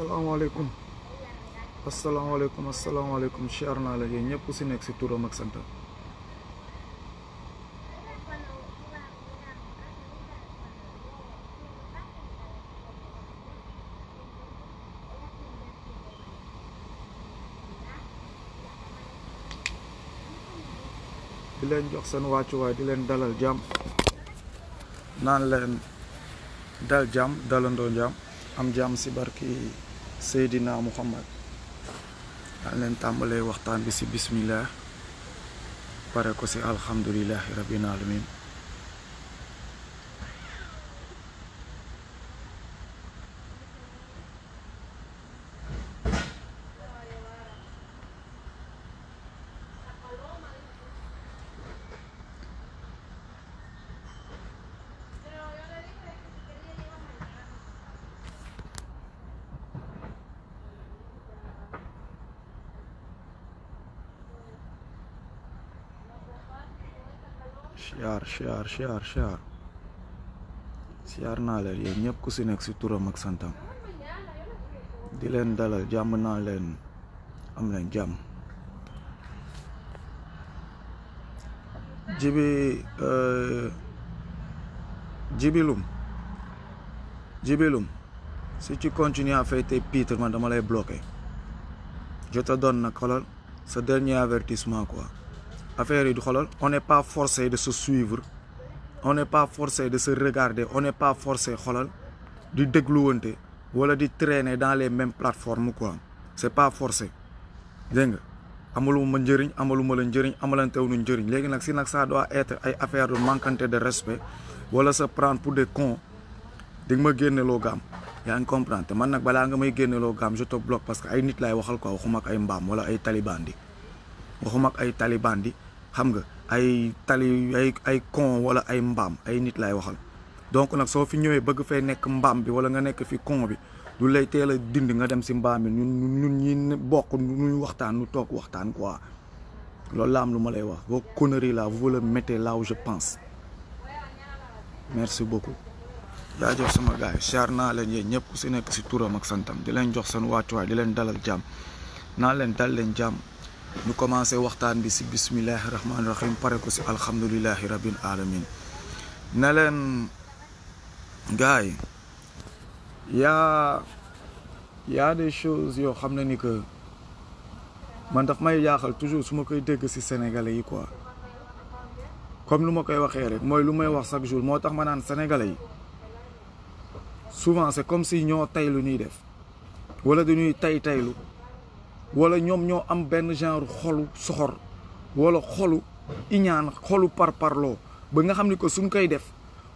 Assalamualaikum, assalamualaikum, assalamualaikum. syarna lagi alaykum siyaar la yéen si nekk si turam ak santa di leen jox seen di dalal jam nan len dal jam dalando jam am jam si barki Seydina Muhammad daan leen waxtaan bi ci bismillah pare ko ci alhamdulillahi rabbil alamin siyaar siyaar siyaar siyaar siyaar naa leen yéen ñëpp ku si nekk si turam ak santam di leen dalal jàmm naa leen am leen jàmm jibi jibilum uh, jibilum si ci continues à faire tes pitres man dama lay e bloqué e. je te donne nag xoolal sa dernier avertissement ko affaire du xoolal on n'est pas forcé de se suivre on n'est pas forcé de se regarder on n'est pas forcé xolal du dégluwante wala di traîner dans les mêmes plateformes quoi c'est pas forcé dégg amuluma amaluma amuluma njëriñ amaluma la njëriñ amalantewuñu njëriñ léegi si nak ça doit être ay affaire de manquante de respect wala se prendre pour des cons D'ing nga ma génneloo gam yaa ngi comprendre te man nak bala nga may génneloo gam je te bloque parce que ay nit lay waxal quoi waxuma ak ay mbam, wala ay taliban di waxuma ak ay taliban di xam nga ay tali ay ay con wala ay mbam ay nit lay waxal donc nak so fi ñëwé bëgg fay nekk mbam bi wala nga nekk fi con bi du lay téla dind nga dem ci mbam bi ñun ñun ñi bokk ñu waxtaan ñu tok waxtaan quoi lool la am luma lay wax vos conneries là vous le mettez là où je pense merci beaucoup. jox sama gaay yi char naa leen yéen ñëpp ku si nekk si turam ak santam di leen jox seen wàccuwaay di leen dalal jàmm naa leen dal leen jàmm. ñu commencé waxtaan bi si bismillahi rahmaani rahim pare ko si alhamdulilahi rabbil alamin na leen gars yi yaa yaa des choses yoo xam ne ni que man daf may jaaxal toujours su ma koy dégg si sénégalais yi quoi comme lu ma koy waxee rek mooy lu may wax chaque jour moo tax ma naan sénégalais yi souvent c'est comme si ñoo taylu ñuy def wala dañuy tay taylu wala ñoom ñoo am benn genre xolu soxor wala xolu iñaan xolu parlo ba nga xam ni que suñ koy def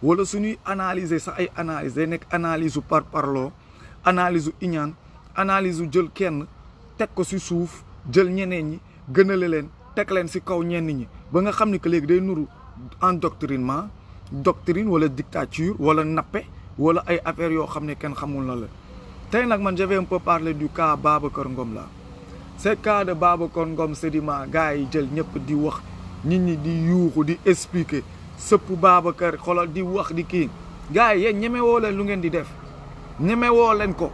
wala suñuy analyser sa ay analyse day nekk analyse par parparloo analyse u iñaan analyse u jël kenn teg ko si suuf jël ñeneen ñi gënale leen teg leen si kaw ñenn ñi ba nga xam ni que léegi day nuru endoctrinement doctrine wala dictature wala nappe wala ay affaires yoo xam ne kenn xamul na la tey nag man j'avais un peu parlé du cas kër Ngom laa c'est baaba kon Babacar Ngom Sedima gars yi jël ñëpp di wax nit ñi di yuuxu di expliquer sëpp Babacar xoolal di wax di kii gars yee yéen ñemewoo leen lu ngeen di def ñemewoo leen ko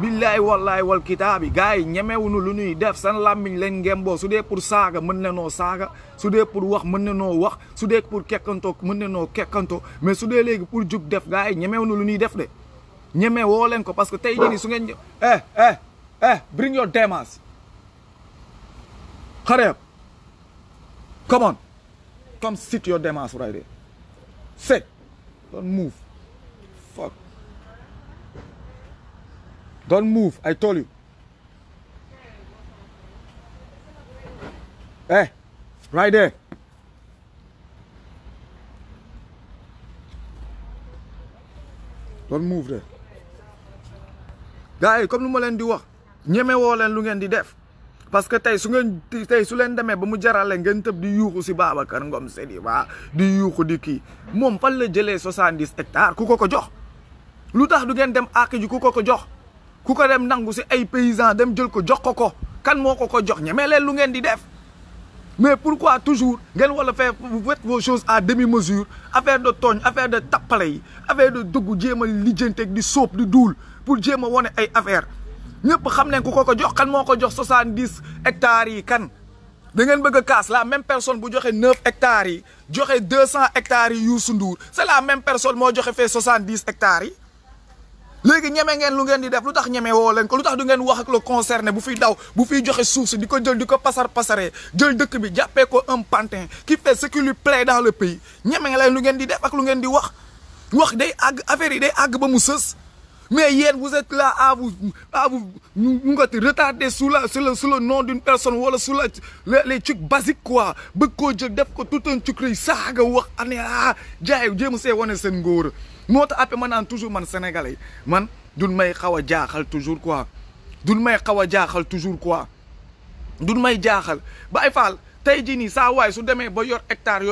billaay wallaay wal kitaabi gars yi ñemewuñu lu ñuy def seen làmmiñ leen ngemboo su dee pour saaga mën na noo saaga su dee pour wax mën na noo wax su dee pour kekkanto mën na noo kekkantoo mais su dee léegi pour jug def gars yi nu lu ñuy def de ñemewoo leen ko parce que tey jii nii su ngeen eh eh eh hurry up. Come on. Come sit your damn ass right there. Sit. Don't move. Fuck. Don't move. I told you. Hey, eh, right Don't move there. gars yi comme lu ma leen di wax ñeme woo leen lu ngeen di def. parce que tey su ngeen tey su leen demee ba mu jarale ngeen tëb di yuuxu si Babacar Ngom Sadiba di yuuxu di kii moom fan la jëlee soixante-dix hectares ku ko ko jox lu tax du ngeen dem àq ji ku ko ko jox ku ko dem nangu si ay paysan dem jël ko jox ko ko kan moo ko ko jox ñemee leen lu ngeen di def mais quoi toujours ngeen wala faire faites vos choses à demi mesure affaire de tooñ affaire de tappale yi affaire de dugg jéem a lijjante di sóob di duul pour jéem a wane ay affaire ñepp xam nañ ko koko jox kan moko jox 70 hectares yi kan da ngeen bëgg kaas la même personne bu joxe 9 hectares yi joxe 200 hectares yu Youssou c'est la même personne mo joxe fe 70 hectares yi légui ñëmé ngeen lu ngeen di def lutax ñëmé wo leen ko lutax du ngeen wax ak le concerné bu fi daw bu fi joxe souf ci diko jël diko passer passeré jël dëkk bi jappé ko un pantin qui fait ce qui lui plaît dans le pays ñëmé ngeen lu ngeen di def ak lu ngeen di wax wax day ag affaire yi day ag ba mu seuss Mais hier, vous êtes là à vous, à vous, nous, retarder sous, le, nom d'une personne ou sous les trucs basiques quoi. Beaucoup de tout un truc ça ah, a wax ané ah, je suis sen Mota Je man toujours man sénégalais. Man ne may xawa suis toujours quoi. Dun may xawa un toujours quoi. je may jaaxal. Bay Fall, tay sa way su démé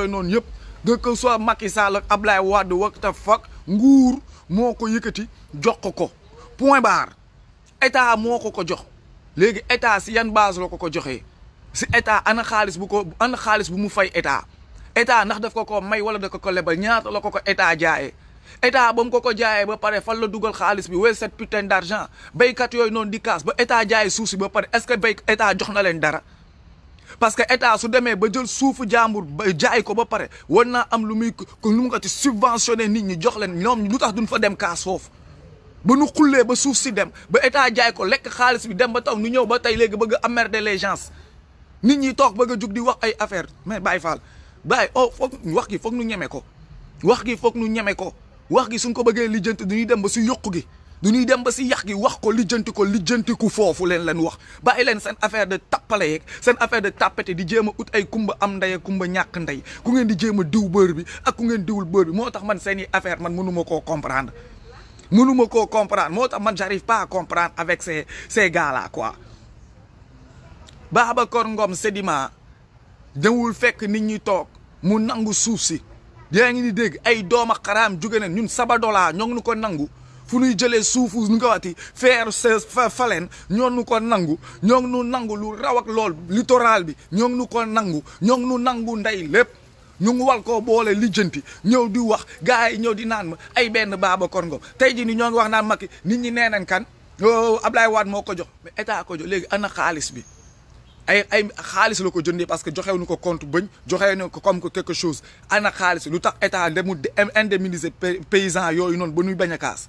non Que soit Macky Sall what the fuck, moo ko yëkkati jox ko ko point barre état moo ko ko jox léegi état si yan base loo ko ko joxee si état ana xaalis bu ko ana xaalis bu mu fay état état nax daf ko ko may wala da ko ko lebal ñaata la ko ko état jaayee état ba ko ko jaayee ba pare fan la dugal xaalis bi wee cette putain d'argent béykat yooyu noonu di kaas ba état jaayee suuf si ba pare est-ce que béy état jox na leen dara. parce que état su demee ba jël suufu jàmbur ba jaay ko ba pare war naa am lu muy lu mu ko ti subventionné nit ñi jox leen ñoom lu tax duñ fa dem kaa foofu ba nu xullee ba suuf si dem ba état jaay ko lekk xaalis bi dem ba taw nu ñëw ba tey léegi bëgg a emmerder les gens nit ñi toog bëgg a jug di wax ay affaire mais Baye Fall Baye o oh, foog wax gi foog nu ñeme ko wax gi foog nu ñeme ko wax gi suñ ko bëggee lijjanti du dem ba si yokku gi. duñuy dem ba ci yax gi wax ko lijeenti ko lijeenti ku fofu len len wax len sen affaire de tapale yek sen affaire de tapete di jema out ay kumba am ndaye kumba ñak ndey ku ngeen di jema diw beur bi ak ku ngeen diwul beur bi motax man seni affaire man mënuma koo comprendre mënuma koo comprendre motax man j'arrive pas à comprendre avec ces ces gars là quoi kor Ngom Sedima ñëwul fek nit ñi tok mu nangu souci si yaa ngi di ay dooma kharam jugene ñun sabadola ñong ngi ko nangu fu ñuy jëlee suufu nu nga waxati feeru sa faleen ñoo nu ko nangu ñoo nu nangu lu raw ak lool littoral bi ñoo ngi ko nangu ñoo ngi nu nangu ndey lépp ñu ngi wal koo boole lijjanti ñëw di wax gars yi ñëw di naan ma ay benn baaba Babacar Ngom tey jii ni ñoo ngi wax naan Macky nit ñi nee nañ kan oh, Ablaye Wade moo ko jox mais état ko jox léegi ana xaalis bi ay ay xaalis la ko jëndee parce que joxew nu ko compte bëñ joxew nu ko comme que quelque chose ana xaalis lu tax état demul indemniser paysan yooyu noonu ba ñuy bañ a kaas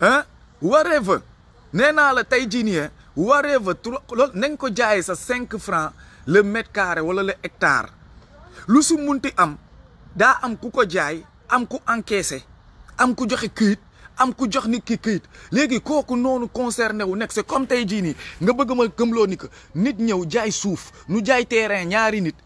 ah whatever nee naa la tey jii nii whatever trop loolu nañ ko jaay sa cinq franc le mètre carré wala le hectare lu su munti am daa am ku ko jaay am ku encaissé am ku joxe këyit am ku jox nit ki këyit léegi kooku noonu concerné wu nekk c'est comme tey jii nii nga bëgg ma gëmloo ni ko nit ñëw jaay suuf nu jaay terrain ñaari nit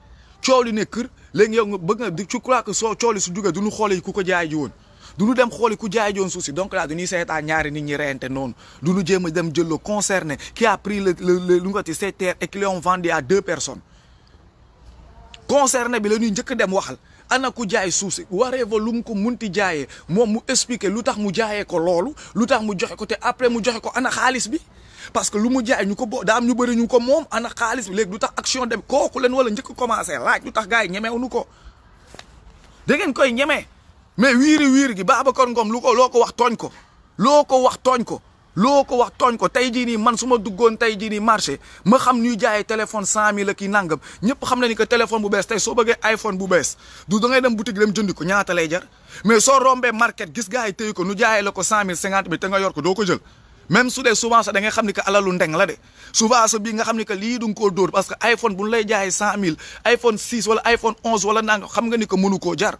coow li ne kër léegi yow nga bëgg nga tu crois que soo coow su jugee du ñu xoolee ku ko jaay ji woon. du ñu dem xooli ku jaay joon suuf si donc là du ñuy seetaan ñaari ni ñi reyante noonu du ñu jéem a dem jël le concerné qui a pris le le lu nga ci cette terre et qui l'ont vendu à deux personnes concerné bi la ñuy njëkk dem waxal ana ku jaay suuf si waree fa lu mu ko munti jaayee moom mu expliquer lu tax mu jaayee ko loolu lu tax mu joxe ko te après mu joxe ko ana xaalis bi parce que lu mu jaay ñu ko boo daam ñu bëri ñu ko moom ana xaalis bi léegi du tax action dem kooku leen wala njëkk commencé laaj lu tax gars yi ñemewuñu ko da ngeen koy ñemee mais wiiri wiiri gi Babacar Ngom lu ko loo ko wax tooñ ko loo ko wax tooñ ko loo ko wax tooñ ko tey jii nii man su ma duggoon tey jii nii marché ma xam ñuy jaayee téléphone cent mille ak i nangam ñëpp xam na ni que téléphone bu bees tey soo bëggee iPhone bu bees du da ngay dem dem jëndi ko ñaata lay jar mais soo rombee market gis gars yi téy ko nu jaayee la ko cent mille cinquante mille te nga yor ko doo ko jël même su dee souvent sax da xam ni que alalu ndeng la de souvent sax bii nga xam ni que lii du nga koo dóor parce que iPhone bu ñu lay jaayee cent mille wala iPhone onze nga ni que mënu koo jar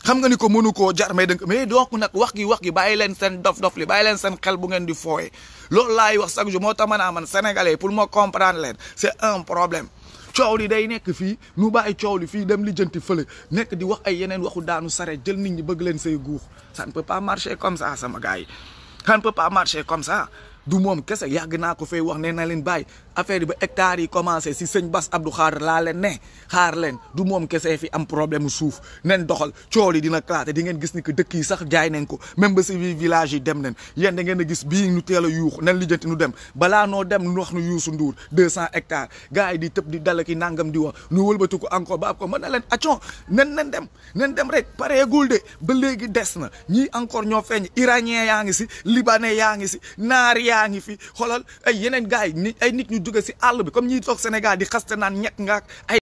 xam nga ni ko mënu ko jar may dënk mais donc nag wax gi wax gi bàyyi leen seen dof-dof li bàyyi leen seen xel bu ngeen di fooye loolu laay wax chaque jour moo tax ah man sénégalais pour ma comprendre leen c'est un problème coow li day nekk fii nu bàyyi coow li fii dem lijjanti fële nekk di wax ay yeneen waxu daanu sare jël nit ñi bëgg leen say guux ça ne peut pas marcher comme ça sama gars yi ça ne peut comme ça du mom kese yag na ko fay wax nee na len bay affaire bi hectare yi commencé si seigne Bass Abdou khar la len ne khar len du mom kese fi am problème souf nen doxal cool dina claté di ngén gis ni que dëkk yi sax jaay nañ ko même ba si village yi dem nen yéen da ngén gis bi ñu téla yuux nen lijjanti ñu dem bala no dem ñu wax ñu yuusu di tepp di dalaki ki nangam di wax ñu wëlbeutu ko encore ba ko man na nen nen dem nen dem rek goul dé ba légui dess na ñi encore ño feñ iranien yaangi ci libanais yaangi ci nar yaa ngi fi xoolal ay yeneen gars yi ay nit ñu jóge si àll bi comme ñiy toog Sénégal di xaste naan ñekk ngaak ay